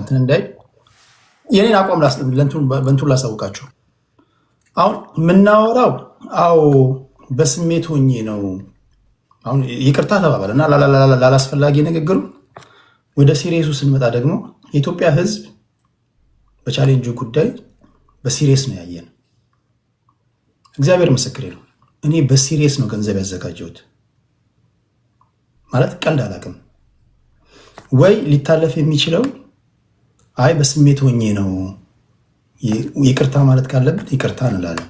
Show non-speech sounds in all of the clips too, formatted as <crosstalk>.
እንትን እንዳይ የኔን አቋም በንቱን ላሳውቃችሁ። አሁን የምናወራው አዎ በስሜት ሆኜ ነው። አሁን ይቅርታ ተባባለ እና ላላስፈላጊ ንግግሩ። ወደ ሲሪየሱ ስንመጣ ደግሞ የኢትዮጵያ ሕዝብ በቻሌንጁ ጉዳይ በሲሪየስ ነው ያየን። እግዚአብሔር ምስክሬ ነው። እኔ በሲሪየስ ነው ገንዘብ ያዘጋጀሁት። ማለት ቀልድ አላውቅም ወይ ሊታለፍ የሚችለው አይ በስሜት ሆኜ ነው ይቅርታ ማለት ካለብን ይቅርታ እንላለን።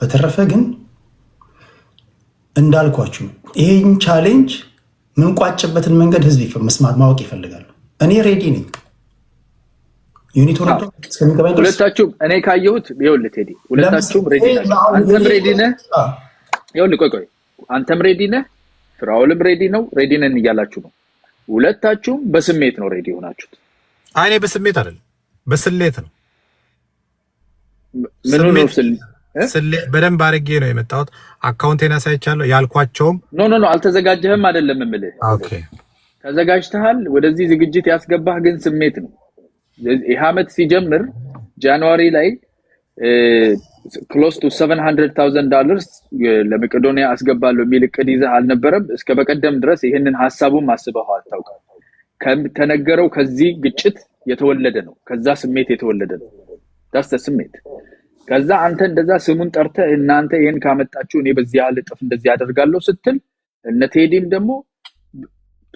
በተረፈ ግን እንዳልኳችሁ ይህን ቻሌንጅ ምንቋጭበትን መንገድ ህዝብ መስማት ማወቅ ይፈልጋሉ። እኔ ሬዲ ነኝ። ሁለታችሁም እኔ ካየሁት ይኸውልህ ቴዲ ሁለታችሁም ሬዲ ናቸው። አንተም ሬዲ ነህ። ይኸውልህ ቆይ ቆይ አንተም ሬዲ ነህ፣ ፍራውልም ሬዲ ነው። ሬዲ ነን እያላችሁ ነው። ሁለታችሁም በስሜት ነው ሬዲ የሆናችሁት። አይኔ በስሜት አይደለም በስሌት ነው። በደንብ አድርጌ ነው የመጣሁት። አካውንቴን አሳይቻለሁ ያልኳቸውም ኖ ኖ ኖ አልተዘጋጀህም አይደለም የምልህ። ኦኬ ተዘጋጅተሃል። ወደዚህ ዝግጅት ያስገባህ ግን ስሜት ነው። ይህ ዓመት ሲጀምር ጃንዋሪ ላይ ክሎስ ቱ 700000 ዶላርስ ለመቄዶኒያ አስገባለሁ የሚል እቅድ ይዘህ አልነበረም? እስከ በቀደም ድረስ ይህንን ሀሳቡን ማስበው አታውቃል? ከተነገረው ከዚህ ግጭት የተወለደ ነው። ከዛ ስሜት የተወለደ ነው። ዳስተ ስሜት ከዛ አንተ እንደዛ ስሙን ጠርተ እናንተ ይህን ካመጣችሁ እኔ በዚህ ያህል እጥፍ እንደዚህ ያደርጋለሁ ስትል እነ ቴዲም ደግሞ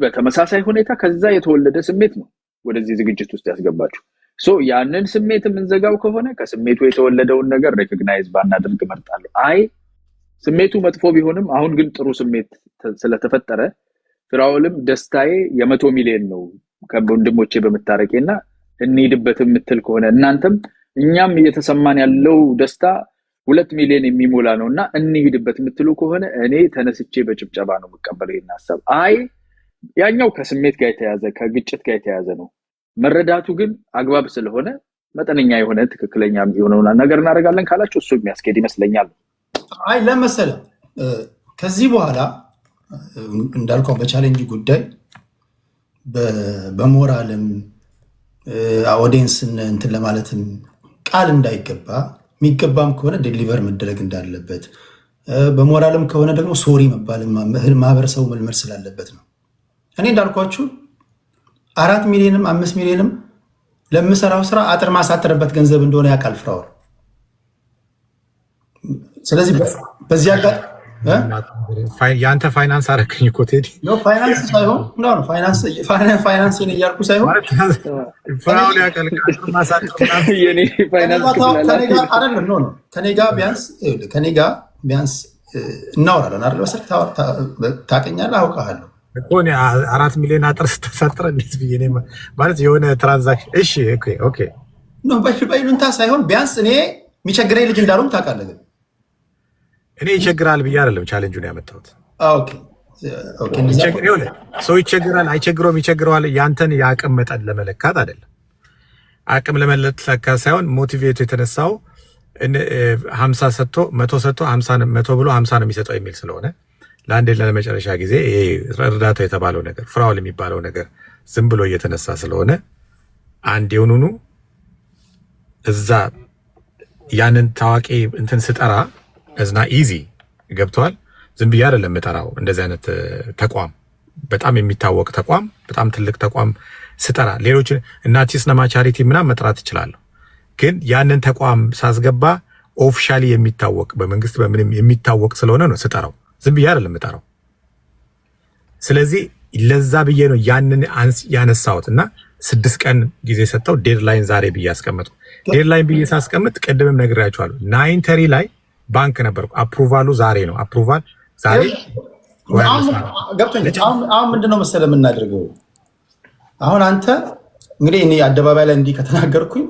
በተመሳሳይ ሁኔታ ከዛ የተወለደ ስሜት ነው ወደዚህ ዝግጅት ውስጥ ያስገባችሁ። ሶ ያንን ስሜት የምንዘጋው ከሆነ ከስሜቱ የተወለደውን ነገር ሬኮግናይዝ ባናደርግ እመርጣለሁ። አይ ስሜቱ መጥፎ ቢሆንም አሁን ግን ጥሩ ስሜት ስለተፈጠረ ፍራውልም ደስታዬ የመቶ ሚሊዮን ነው ከወንድሞቼ በምታረቄ እና እንሄድበት የምትል ከሆነ እናንተም እኛም እየተሰማን ያለው ደስታ ሁለት ሚሊዮን የሚሞላ ነው እና እንሄድበት የምትሉ ከሆነ እኔ ተነስቼ በጭብጨባ ነው የምቀበለው ይህን ሀሳብ። አይ ያኛው ከስሜት ጋር የተያዘ ከግጭት ጋር የተያዘ ነው። መረዳቱ ግን አግባብ ስለሆነ መጠነኛ የሆነ ትክክለኛ የሆነ ነገር እናደርጋለን ካላችሁ እሱ የሚያስኬድ ይመስለኛል። አይ ለመሰለ ከዚህ በኋላ እንዳልከው በቻሌንጅ ጉዳይ በሞራልም ኦዲየንስን እንትን ለማለትም ቃል እንዳይገባ የሚገባም ከሆነ ዴሊቨር መደረግ እንዳለበት በሞራልም ከሆነ ደግሞ ሶሪ መባል ማህበረሰቡ መልመድ ስላለበት ነው። እኔ እንዳልኳችሁ አራት ሚሊዮንም አምስት ሚሊዮንም ለምሰራው ስራ አጥር ማሳጥርበት ገንዘብ እንደሆነ ያውቃል ፍራኦል። ስለዚህ በዚህ አጋጣሚ የአንተ ፋይናንስ አደረገኝ እኮ ቴዲ። ፋይናንስ ሳይሆን ፋይናንስ እያልኩ ሳይሆን ፍራውን ያቀልቃል ከኔጋ ቢያንስ ከኔጋ ቢያንስ እናወራለን አ መሰለህ ታውቀኛለህ፣ አውቃለሁ እኮ እኔ አራት ሚሊዮን አጥር ስተሳጥር እንዴት ብዬ ማለት የሆነ ትራንዛክሽን እሺ፣ ኦኬ ኖ በይሉንታ ሳይሆን ቢያንስ እኔ የሚቸግረኝ ልጅ እንዳሉም ታውቃለህ ግን እኔ ይቸግራል ብዬ አይደለም ቻሌንጁን ያመጣሁት። ሰው ይቸግራል አይቸግረውም፣ ይቸግረዋል ያንተን የአቅም መጠን ለመለካት አይደለም። አቅም ለመለካት ሳይሆን ሞቲቬቱ የተነሳው ሀምሳ ሰጥቶ መቶ ሰጥቶ መቶ ብሎ ሀምሳ ነው የሚሰጠው የሚል ስለሆነ ለአንድ ለመጨረሻ ጊዜ እርዳታ የተባለው ነገር ፍራውል የሚባለው ነገር ዝም ብሎ እየተነሳ ስለሆነ አንድ የሆኑኑ እዛ ያንን ታዋቂ እንትን ስጠራ እዝና ኢዚ ገብተዋል። ዝም ብዬ አይደለም የምጠራው። እንደዚህ አይነት ተቋም በጣም የሚታወቅ ተቋም፣ በጣም ትልቅ ተቋም ስጠራ ሌሎች እናቲስ ነማ ቻሪቲ ምናምን መጥራት እችላለሁ። ግን ያንን ተቋም ሳስገባ ኦፊሻሊ የሚታወቅ በመንግስት በምንም የሚታወቅ ስለሆነ ነው ስጠራው። ዝም ብዬ አይደለም የምጠራው። ስለዚህ ለዛ ብዬ ነው ያንን ያነሳሁት እና ስድስት ቀን ጊዜ ሰጥተው ዴድላይን ዛሬ ብዬ አስቀመጥኩ። ዴድላይን ብዬ ሳስቀምጥ ቅድምም ነግሬያችኋለሁ ናይንተሪ ላይ ባንክ ነበርኩ። አፕሩቫሉ ዛሬ ነው። አፕሩቫል ዛሬ ገብቶኛል። አሁን ምንድነው መሰለህ የምናደርገው አሁን አንተ እንግዲህ እኔ አደባባይ ላይ እንዲህ ከተናገርኩኝ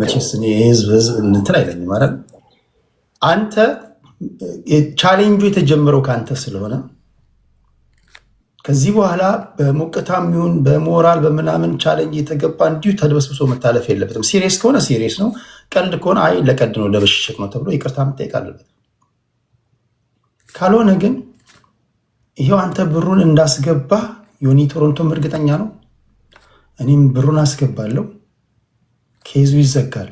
መቼስ እኔ የህዝብ ህዝብ እንትን አይለኝም። አንተ ቻሌንጁ የተጀመረው ከአንተ ስለሆነ ከዚህ በኋላ በሞቅታም ይሁን በሞራል በምናምን ቻለንጅ የተገባ እንዲሁ ተደበስብሶ መታለፍ የለበትም። ሲሪየስ ከሆነ ሲሪየስ ነው፣ ቀልድ ከሆነ አይ ለቀልድ ነው ለበሽሽቅ ነው ተብሎ ይቅርታ መጠየቅ አለበት። ካልሆነ ግን ይሄው አንተ ብሩን እንዳስገባ ዮኒ ቶሮንቶም እርግጠኛ ነው፣ እኔም ብሩን አስገባለሁ፣ ኬዙ ይዘጋል።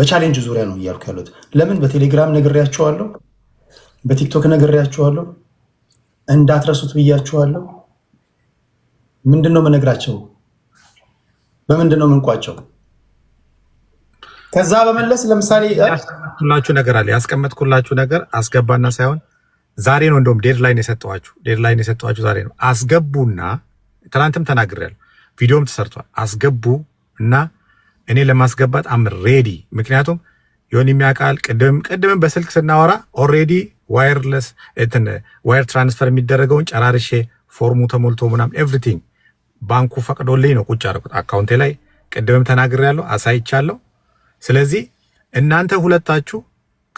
በቻሌንጅ ዙሪያ ነው እያልኩ ያሉት። ለምን በቴሌግራም ነግሬያቸዋለሁ፣ በቲክቶክ ነግሬያቸዋለሁ እንዳትረሱት ብያችኋለሁ። ምንድን ነው የምነግራቸው? በምንድን ነው የምንቋቸው? ከዛ በመለስ ለምሳሌ ነገር አለ። ያስቀመጥኩላችሁ ነገር አስገባና ሳይሆን ዛሬ ነው እንደውም ዴድላይን የሰጠኋችሁ። ዴድላይን የሰጠኋችሁ ዛሬ ነው። አስገቡና ትናንትም ተናግሬያለሁ፣ ቪዲዮም ተሰርቷል። አስገቡ እና እኔ ለማስገባት አም ሬዲ። ምክንያቱም የሆን የሚያውቃል ቅድም ቅድምም በስልክ ስናወራ ኦልሬዲ ዋየርለስ እንትን ዋየር ትራንስፈር የሚደረገውን ጨራርሼ ፎርሙ ተሞልቶ ምናምን ኤቭሪቲንግ ባንኩ ፈቅዶልኝ ነው ቁጭ አደረኩት አካውንቴ ላይ። ቅድምም አሳይቻ አሳይቻለሁ። ስለዚህ እናንተ ሁለታችሁ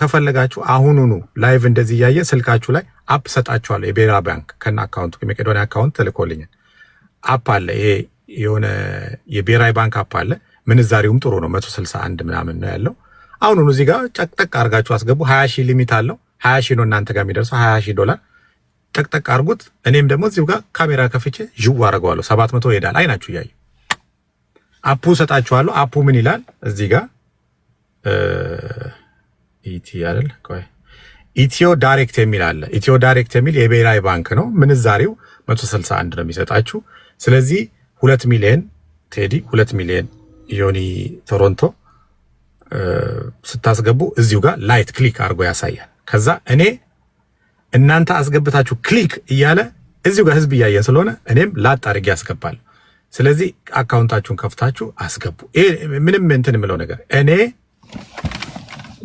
ከፈለጋችሁ አሁኑኑ ላይቭ እንደዚህ እያየ ስልካችሁ ላይ አፕ ሰጣችኋለሁ። የብሔራ ባንክ ከነ አካውንቱ የመቄዶኒያ አካውንት ተልኮልኛል። አፕ አለ፣ ይሄ የሆነ የብሔራዊ ባንክ አፕ አለ። ምንዛሬውም ጥሩ ነው፣ መቶ ስልሳ አንድ ምናምን ነው ያለው። አሁኑኑ እዚህ ጋር ጨቅጠቅ አድርጋችሁ አስገቡ። ሀያ ሺህ ሊሚት አለው። ሀያ ሺህ ነው እናንተ ጋር የሚደርሰው ሀያ ሺህ ዶላር ጠቅጠቅ አድርጉት። እኔም ደግሞ እዚሁ ጋር ካሜራ ከፍቼ ዥው አደርገዋለሁ። ሰባት መቶ ይሄዳል። አይናችሁ እያየ አፑ ሰጣችኋለሁ። አፑ ምን ይላል እዚህ ጋር ኢቲ አይደል? ቆይ ኢትዮ ዳይሬክት የሚል አለ። ኢትዮ ዳይሬክት የሚል የብሔራዊ ባንክ ነው። ምንዛሬው 161 ነው የሚሰጣችሁ። ስለዚህ ሁለት ሚሊዮን ቴዲ፣ ሁለት ሚሊዮን ዮኒ ቶሮንቶ ስታስገቡ እዚሁ ጋር ላይት ክሊክ አድርጎ ያሳያል። ከዛ እኔ እናንተ አስገብታችሁ ክሊክ እያለ እዚሁ ጋር ህዝብ እያየን ስለሆነ እኔም ላጥ አድርጌ ያስገባል። ስለዚህ አካውንታችሁን ከፍታችሁ አስገቡ። ምንም እንትን የምለው ነገር እኔ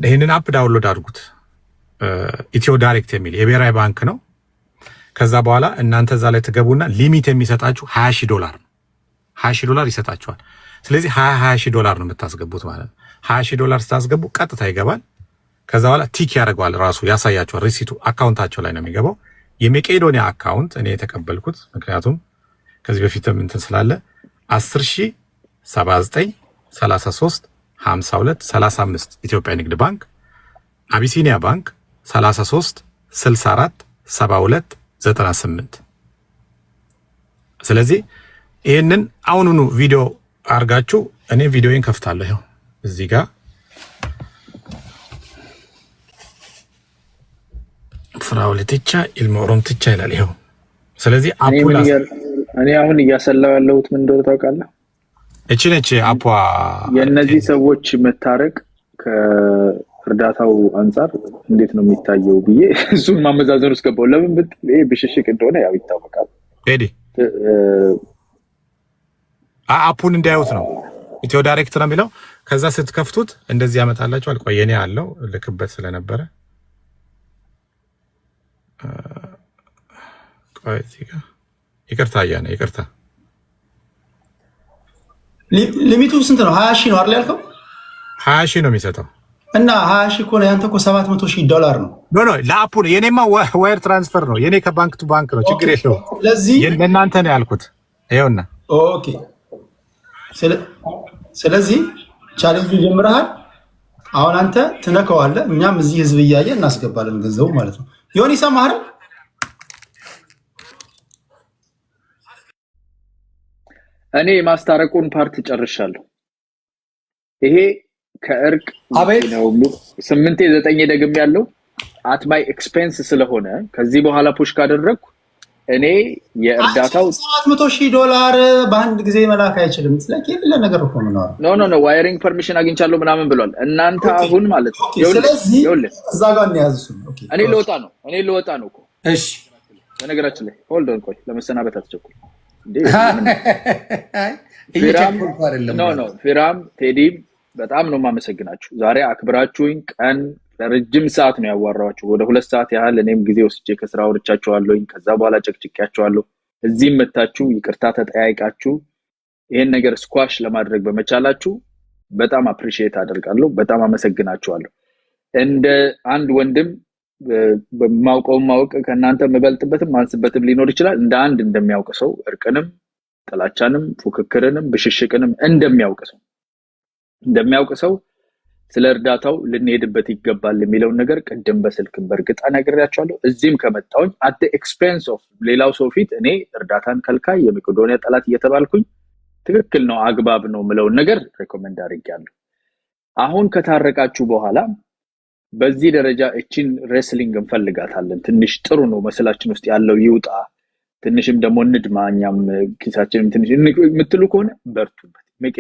ይህንን አፕ ዳውንሎድ አድርጉት። ኢትዮ ዳይሬክት የሚል የብሔራዊ ባንክ ነው። ከዛ በኋላ እናንተ እዛ ላይ ትገቡና ሊሚት የሚሰጣችሁ ሀያ ሺህ ዶላር ነው። ሀያ ሺህ ዶላር ይሰጣችኋል። ስለዚህ ሀያ ሀያ ሺህ ዶላር ነው የምታስገቡት ማለት ነው። ሀያ ሺህ ዶላር ስታስገቡ ቀጥታ ይገባል። ከዛ በኋላ ቲክ ያደርገዋል ራሱ ያሳያቸዋል። ሪሲቱ አካውንታቸው ላይ ነው የሚገባው። የመቄዶኒያ አካውንት እኔ የተቀበልኩት ምክንያቱም ከዚህ በፊትም እንትን ስላለ 1079335235 ኢትዮጵያ ንግድ ባንክ፣ አቢሲኒያ ባንክ 33647298 ስለዚህ ይህንን አሁኑኑ ቪዲዮ አድርጋችሁ እኔ ቪዲዮዬን ከፍታለሁ። እዚህ ጋር አፍራው ልትቻ ኢልሞ ኦሮምትቻ ይላል ይኸው። ስለዚህ እኔ አሁን እያሰላው ያለሁት ምን እንደሆነ ታውቃለህ? እቺ ነች አፖ የእነዚህ ሰዎች መታረቅ ከእርዳታው አንጻር እንዴት ነው የሚታየው ብዬ <laughs> እሱን ማመዛዘን ውስጥ ገባው። ለምን ብትል ይሄ ብሽሽቅ እንደሆነ ያው ይታወቃል። ሄዲ አፑን እንዳያዩት ነው ኢትዮ ዳይሬክት ነው የሚለው። ከዛ ስትከፍቱት እንደዚህ ያመጣላቸዋል። ቆየኔ አለው ልክበት ስለነበረ ይቅርታ እያነ ይቅርታ ሊሚቱ ስንት ነው? ሀያ ሺህ ነው አይደል ያልከው? ሀያ ሺህ ነው የሚሰጠው እና ሀያ ሺህ ከሆነ ያንተ እኮ ሰባት መቶ ሺህ ዶላር ነው። ኖ ኖ ለአፑ ነው። የኔማ ዋየር ትራንስፈር ነው። የኔ ከባንክ ቱ ባንክ ነው። ችግር የለው። ለዚህ ለእናንተ ነው ያልኩት። ይኸውና ኦኬ። ስለዚህ ቻሌንጁ ጀምረሃል። አሁን አንተ ትነከዋለህ፣ እኛም እዚህ ህዝብ እያየ እናስገባለን ገንዘቡ ማለት ነው። ዮኒ ሰማህር እኔ የማስታረቁን ፓርት ጨርሻለሁ። ይሄ ከእርቅ ስምንቴ ዘጠኝ ደግም ያለው አት ማይ ኤክስፔንስ ስለሆነ ከዚህ በኋላ ፑሽ ካደረግኩ እኔ የእርዳታው ሰባት መቶ ሺህ ዶላር በአንድ ጊዜ መላክ አይችልም። ስለዚህ የሌለ ነገር እኮ ነው። ኖ ኖ ኖ ዋይሪንግ ፐርሚሽን አግኝቻለሁ ምናምን ብሏል። እናንተ አሁን ማለት ነው። ስለዚህ እዛ ጋር እንያዝ። እኔ ልወጣ ነው። እኔ ልወጣ ነው እኮ። እሺ፣ በነገራችን ላይ ሆልድ ኦን፣ ቆይ ለመሰናበት አትቸኩል። ፊራም ቴዲም በጣም ነው የማመሰግናችሁ ዛሬ አክብራችሁኝ ቀን ለረጅም ሰዓት ነው ያዋራኋቸው። ወደ ሁለት ሰዓት ያህል እኔም ጊዜ ወስጄ ከስራ አውርቻቸዋለሁኝ። ከዛ በኋላ ጨቅጭቄያቸዋለሁ። እዚህም መታችሁ ይቅርታ ተጠያይቃችሁ ይሄን ነገር ስኳሽ ለማድረግ በመቻላችሁ በጣም አፕሪሺየት አደርጋለሁ። በጣም አመሰግናችኋለሁ። እንደ አንድ ወንድም በማውቀውም ማወቅ ከእናንተ የምበልጥበትም ማንስበትም ሊኖር ይችላል። እንደ አንድ እንደሚያውቅ ሰው እርቅንም፣ ጥላቻንም፣ ፉክክርንም፣ ብሽሽቅንም እንደሚያውቅ ሰው እንደሚያውቅ ሰው ስለ እርዳታው ልንሄድበት ይገባል የሚለውን ነገር ቅድም በስልክም በእርግጥ ነግሬያቸዋለሁ። እዚህም ከመጣውኝ አት ኤክስፔንስ ኦፍ ሌላው ሰው ፊት እኔ እርዳታን ከልካይ የመቄዶኒያ ጠላት እየተባልኩኝ ትክክል ነው፣ አግባብ ነው የምለውን ነገር ሬኮመንድ አድርጌያለሁ። አሁን ከታረቃችሁ በኋላ በዚህ ደረጃ እቺን ሬስሊንግ እንፈልጋታለን። ትንሽ ጥሩ ነው መስላችን ውስጥ ያለው ይውጣ፣ ትንሽም ደግሞ እንድማ፣ እኛም ኪሳችንም ትንሽ የምትሉ ከሆነ በርቱበት።